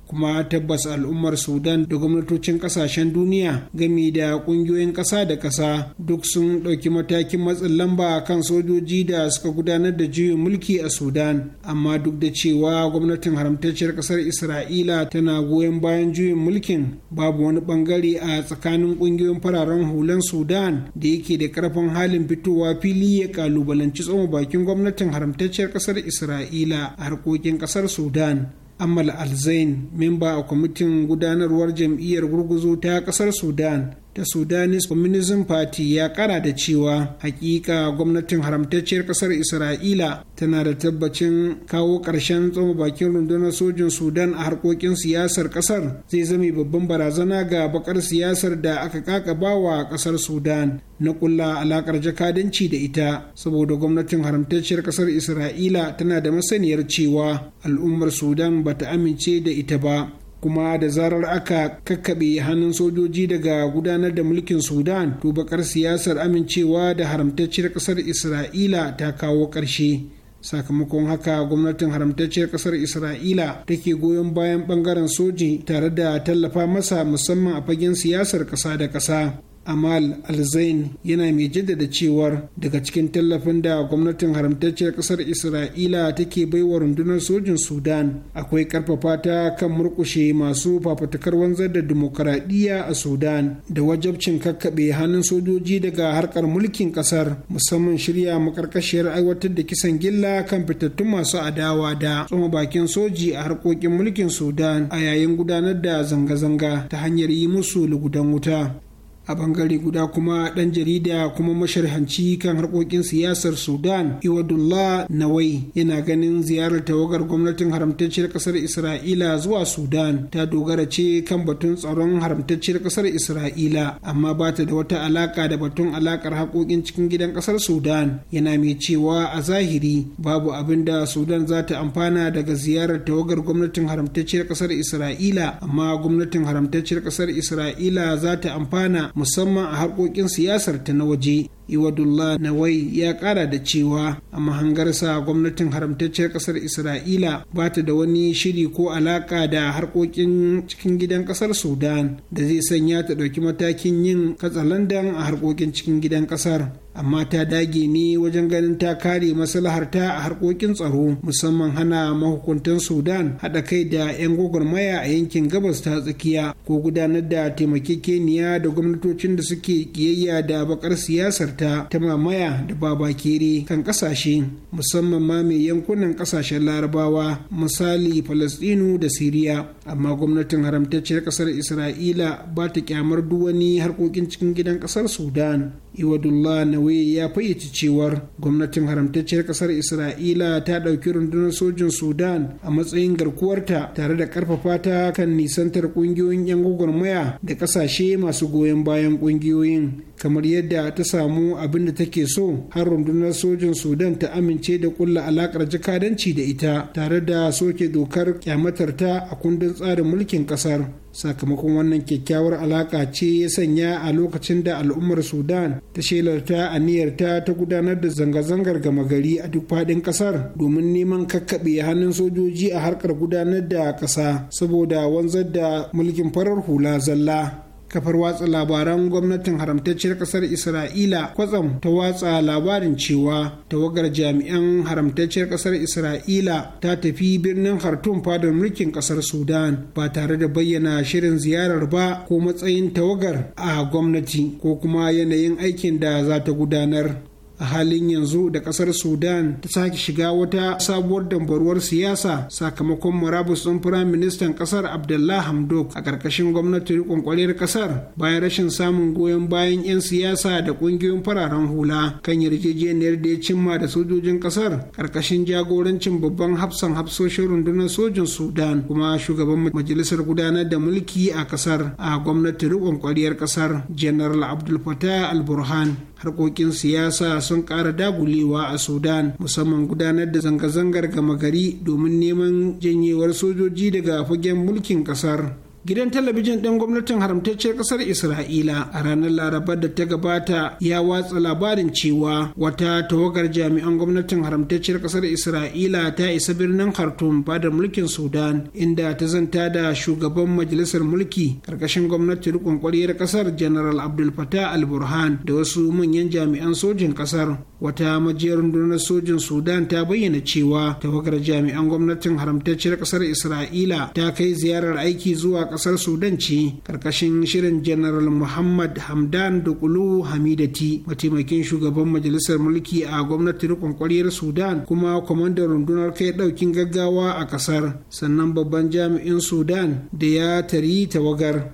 kuma tabbas al'ummar sudan da gwamnatocin kasashen duniya gami da kungiyoyin kasa da kasa duk sun ɗauki matakin matsin lamba kan sojoji da suka gudanar da juyin mulki a sudan amma duk da cewa gwamnatin haramtacciyar kasar isra'ila tana goyon bayan juyin mulkin babu wani bangare a tsakanin kungiyoyin fararen hulan sudan da yake da karfin halin fitowa fili ya kalubalanci tsoma bakin gwamnatin haramtacciyar kasar isra'ila a harkokin kasar sudan amal alzain memba a kwamitin gudanarwar jam'iyyar gurguzu ta kasar sudan ta sudanese communism party ya kara da cewa hakika gwamnatin haramtacciyar kasar isra'ila tana da tabbacin kawo ƙarshen tsoma bakin rundunar sojin sudan a harkokin siyasar kasar zai zame babban barazana ga bakar siyasar da aka kakaba bawa kasar sudan na kulla alakar jakadanci da ita saboda gwamnatin haramtacciyar kasar isra'ila tana da masaniyar cewa al'ummar sudan bata amince da ita ba kuma da zarar aka kakkaɓe hannun sojoji daga gudanar da mulkin sudan to bakar siyasar amincewa da haramtacciyar ƙasar isra'ila ta kawo ƙarshe sakamakon haka gwamnatin haramtacciyar kasar isra'ila take goyon bayan ɓangaren soji tare da tallafa masa musamman a fagen siyasar kasa da kasa amal alzain yana mai jaddada cewar daga cikin tallafin da gwamnatin haramtacciyar kasar isra'ila take baiwa rundunar sojin sudan akwai karfafa ta kan murkushe masu fafatakar wanzar da dimokuraɗiyya a sudan da wajabcin kakkaɓe hannun sojoji daga harkar mulkin ƙasar musamman shirya makarkashiyar aiwatar da kisan gilla kan fitattun masu adawa da tsoma bakin soji a harkokin mulkin sudan a yayin gudanar da zanga-zanga ta hanyar yi musu lugudan wuta a bangare guda kuma dan jarida kuma masharhanci kan harkokin siyasar sudan iwadullah nawai yana ganin ziyarar tawagar gwamnatin haramtacciyar kasar isra'ila zuwa sudan ta dogara ce kan batun tsaron haramtacciyar kasar isra'ila amma ba ta da wata alaka da batun alakar haƙoƙin cikin gidan kasar sudan yana mai cewa a zahiri babu abin da sudan za ta amfana daga ziyarar tawagar gwamnatin haramtacciyar kasar isra'ila amma gwamnatin haramtacciyar kasar isra'ila za ta amfana musamman a harkokin siyasar ta na waje Iwadullah Nawai ya kara da cewa a mahangarsa gwamnatin haramtacciyar kasar Isra'ila ba ta da wani shiri ko alaka da harkokin cikin gidan kasar Sudan da zai sanya ta ɗauki matakin yin katsalandan a harkokin cikin gidan kasar. amma ta dage ne wajen ganin ta kare maslaharta a harkokin tsaro musamman hana mahukuntan sudan hada kai da 'yan gwagwarmaya a yankin gabas ta tsakiya ko gudanar da taimakekeniya da gwamnatocin da suke kiyayya da bakar siyasarta ta mamaya da babakere kan kasashe musamman ma mai yankunan kasashen larabawa misali falastinu da siriya amma gwamnatin haramtacciyar kasar isra'ila ba ta kyamar duk wani harkokin cikin gidan kasar sudan Iwadullah Nawe ya fayyace cewar gwamnatin haramtacciyar kasar Isra'ila ta ɗauki rundunar sojin Sudan a matsayin garkuwarta tare da ƙarfafa ta kan nisantar ƙungiyoyin 'yan gwagwarmaya da ƙasashe masu goyon bayan ƙungiyoyin. kamar yadda ta samu abin da take so har rundunar sojin sudan ta amince da kulla alakar jakadanci da ita tare da soke dokar kyamatar ta a kundin tsarin mulkin kasar sakamakon wannan kyakkyawar alaka ce ya sanya a lokacin da al'ummar sudan ta shelarta aniyarta ta gudanar da zanga-zangar gama gari a duk fadin kasar domin neman kakkaɓe hannun sojoji a harkar gudanar da ƙasa saboda wanzar da mulkin farar hula zalla kafar watsa labaran gwamnatin haramtacciyar kasar isra'ila kwatsam ta watsa labarin cewa tawagar jami'an haramtacciyar kasar isra'ila ta tafi birnin khartoum fadar mulkin kasar sudan ba tare da bayyana shirin ziyarar ba ko matsayin tawagar a gwamnati ko kuma yanayin aikin da za ta gudanar a halin yanzu da kasar sudan ta sake shiga wata sabuwar dambaruwar siyasa sakamakon murabus ɗin firayim ministan kasar abdullah hamdok a ƙarƙashin gwamnatin riƙon kasar bayan rashin samun goyon bayan 'yan siyasa da ƙungiyoyin fararen hula kan yarjejeniyar da ya cimma da sojojin kasar ƙarƙashin jagorancin babban hafsan hafsoshin rundunar sojin sudan kuma shugaban majalisar gudanar da mulki a kasar a gwamnatin riƙon kasar general abdul fatah al-burhan harkokin siyasa sun ƙara dagulewa a sudan musamman gudanar da zanga-zangar gama gari domin neman janyewar sojoji daga fagen mulkin ƙasar gidan talabijin ɗin gwamnatin haramtacciyar ƙasar isra'ila a ranar larabar da ta gabata ya watsa labarin cewa wata tawagar jami'an gwamnatin haramtacciyar ƙasar isra'ila ta isa birnin khartoum da mulkin sudan inda ta zanta da shugaban majalisar mulki ƙarƙashin gwamnati rikon ƙwariyar ƙasar general abdul fatah al burhan da wasu manyan jami'an sojin ƙasar wata majiyar rundunar sojin sudan ta bayyana cewa tawagar jami'an gwamnatin haramtacciyar ƙasar isra'ila ta kai ziyarar aiki zuwa kasar sudan ce karkashin shirin general muhammad hamdan dukulu hamidati mataimakin shugaban majalisar mulki a gwamnatin kwankwariyar sudan kuma kwamandan rundunar kai daukin gaggawa a kasar sannan babban jami'in sudan da ya tari tawagar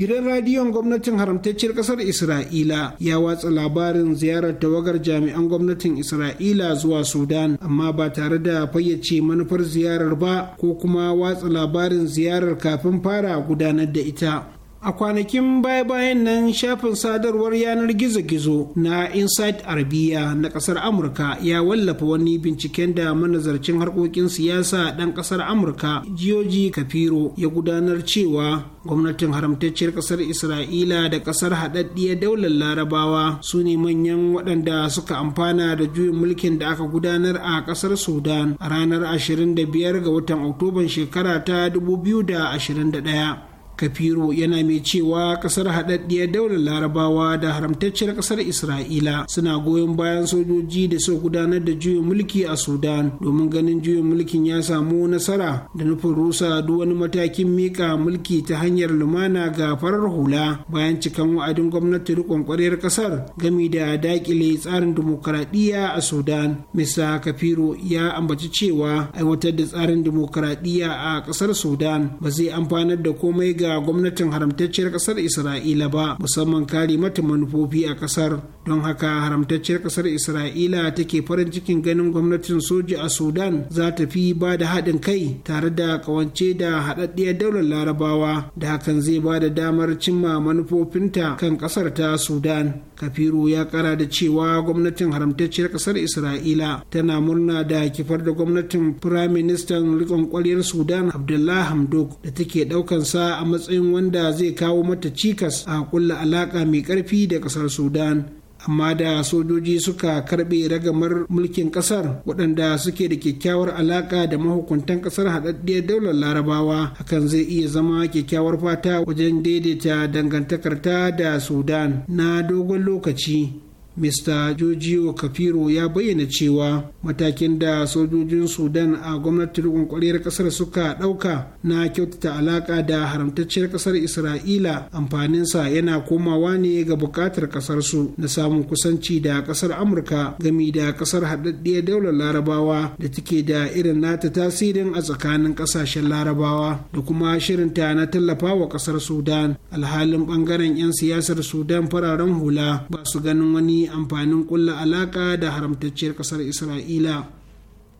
gidan radiyon gwamnatin haramtacciyar kasar isra'ila ya watsa labarin ziyarar tawagar jami'an gwamnatin isra'ila zuwa sudan amma ba tare da fayyace manufar ziyarar ba ko kuma watsa labarin ziyarar kafin fara gudanar da ita a kwanakin baya-bayan nan shafin sadarwar yanar gizo-gizo na inside arabiya na kasar amurka ya wallafa wani binciken da manazarcin harkokin siyasa ɗan kasar amurka jiyoji kafiro ya gudanar cewa gwamnatin haramtacciyar kasar isra'ila da kasar haɗaɗɗiyar daular larabawa su ne manyan waɗanda suka amfana da juyin mulkin da aka gudanar a kasar sudan a ranar 25 ga watan oktoban shekara ta 2021 kafiru yana mai cewa kasar haɗaɗɗiyar daular larabawa da haramtacciyar kasar isra'ila suna goyon bayan sojoji da suka gudanar da juyin mulki a sudan domin ganin juyin mulkin ya samu nasara da nufin rusa duk wani matakin miƙa mulki ta hanyar lumana ga farar hula bayan cikan wa'adin gwamnati riƙon ƙwarriyar kasar gami da daƙile tsarin dimokuraɗiyya a sudan mista kafiru ya ambaci cewa aiwatar da tsarin dimokuraɗiyya a ƙasar sudan ba zai amfanar da komai ga da gwamnatin haramtacciyar kasar isra'ila ba musamman kare mata manufofi a kasar don haka haramtacciyar kasar isra'ila take farin cikin ganin gwamnatin soji a sudan za ta fi ba da haɗin kai tare da kawance da haɗaɗɗiyar daular larabawa da hakan zai ba da damar cimma manufofinta kan kasar ta sudan kafiru ya kara da cewa gwamnatin haramtacciyar kasar isra'ila tana murna da kifar da gwamnatin firaministan rikon kwaryar sudan abdullah hamdok da take ɗaukansa a matsayin wanda zai kawo mata cikas a kulla alaka mai karfi da kasar sudan amma da sojoji suka karbe ragamar mulkin kasar waɗanda suke da kyakkyawar alaka da mahukuntan kasar haɗaɗɗiyar daular larabawa hakan zai iya zama kyakkyawar fata wajen daidaita dangantakarta da sudan na dogon lokaci Mista jojiyo kafiro ya bayyana cewa matakin da sojojin sudan a gwamnatin kwankwariyar kasar suka ɗauka na kyautata alaƙa da haramtacciyar kasar isra'ila amfaninsa yana komawa ne ga buƙatar kasar na samun kusanci da kasar amurka gami da kasar haɗaɗɗiyar daular larabawa da take da irin nata tasirin a tsakanin ƙasashen larabawa da kuma shirinta na tallafa wa kasar sudan alhalin ɓangaren 'yan siyasar sudan fararen hula ba su ganin wani amfanin kulla alaka da haramtacciyar ƙasar isra'ila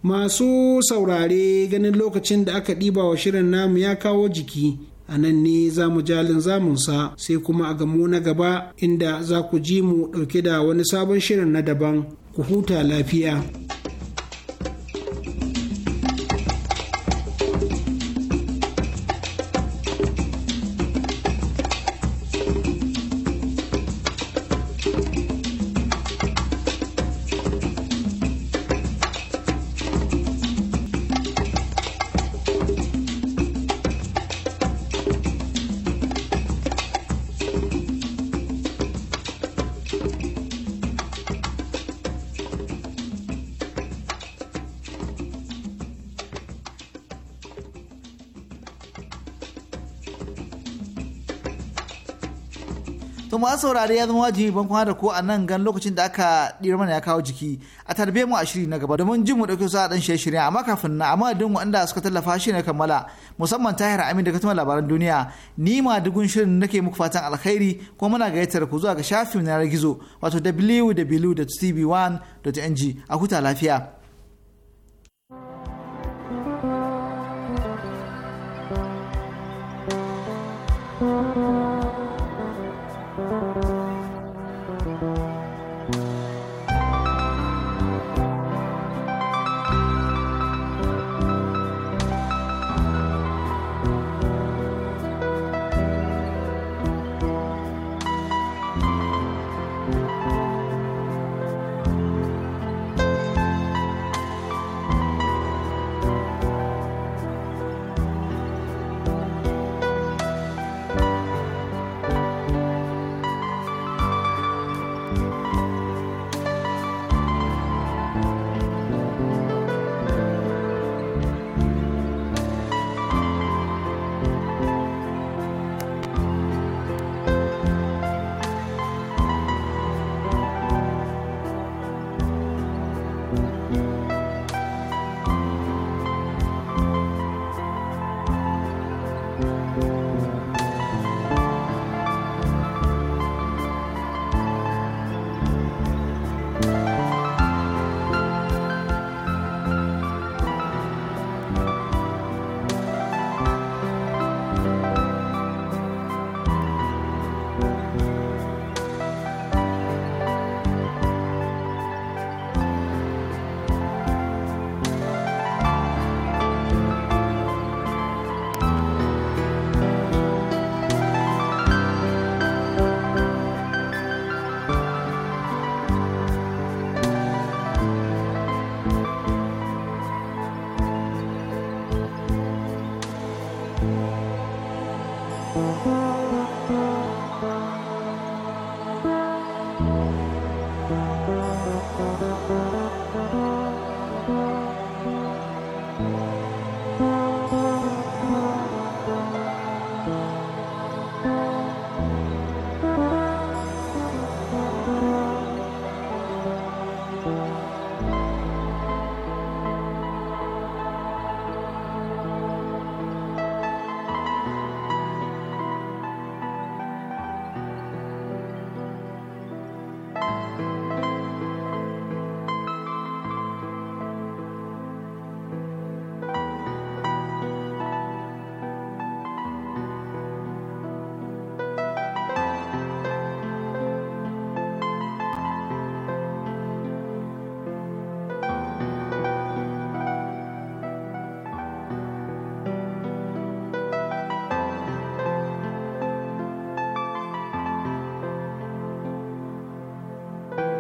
masu saurare ganin lokacin da aka ɗiba wa shirin namu ya kawo jiki a nan ne za mu jalin zamunsa sai kuma a gamu na gaba inda za ku ji mu ɗauke da wani sabon shirin na daban ku huta lafiya. ma saurari ya zama wajibi ban kwana da ku a nan gan lokacin da aka ɗira mana ya kawo jiki a tarbe mu a shiri na gaba domin jin mu ɗauke su a ɗan shirye-shirye amma kafin na amma duk wanda suka tallafa shi na kammala musamman ta hira amin da katuma labaran duniya ni ma dugun shirin nake muku fatan alkhairi kuma muna gayyatar ku zuwa ga shafin na gizo wato www.tv1.ng a huta lafiya.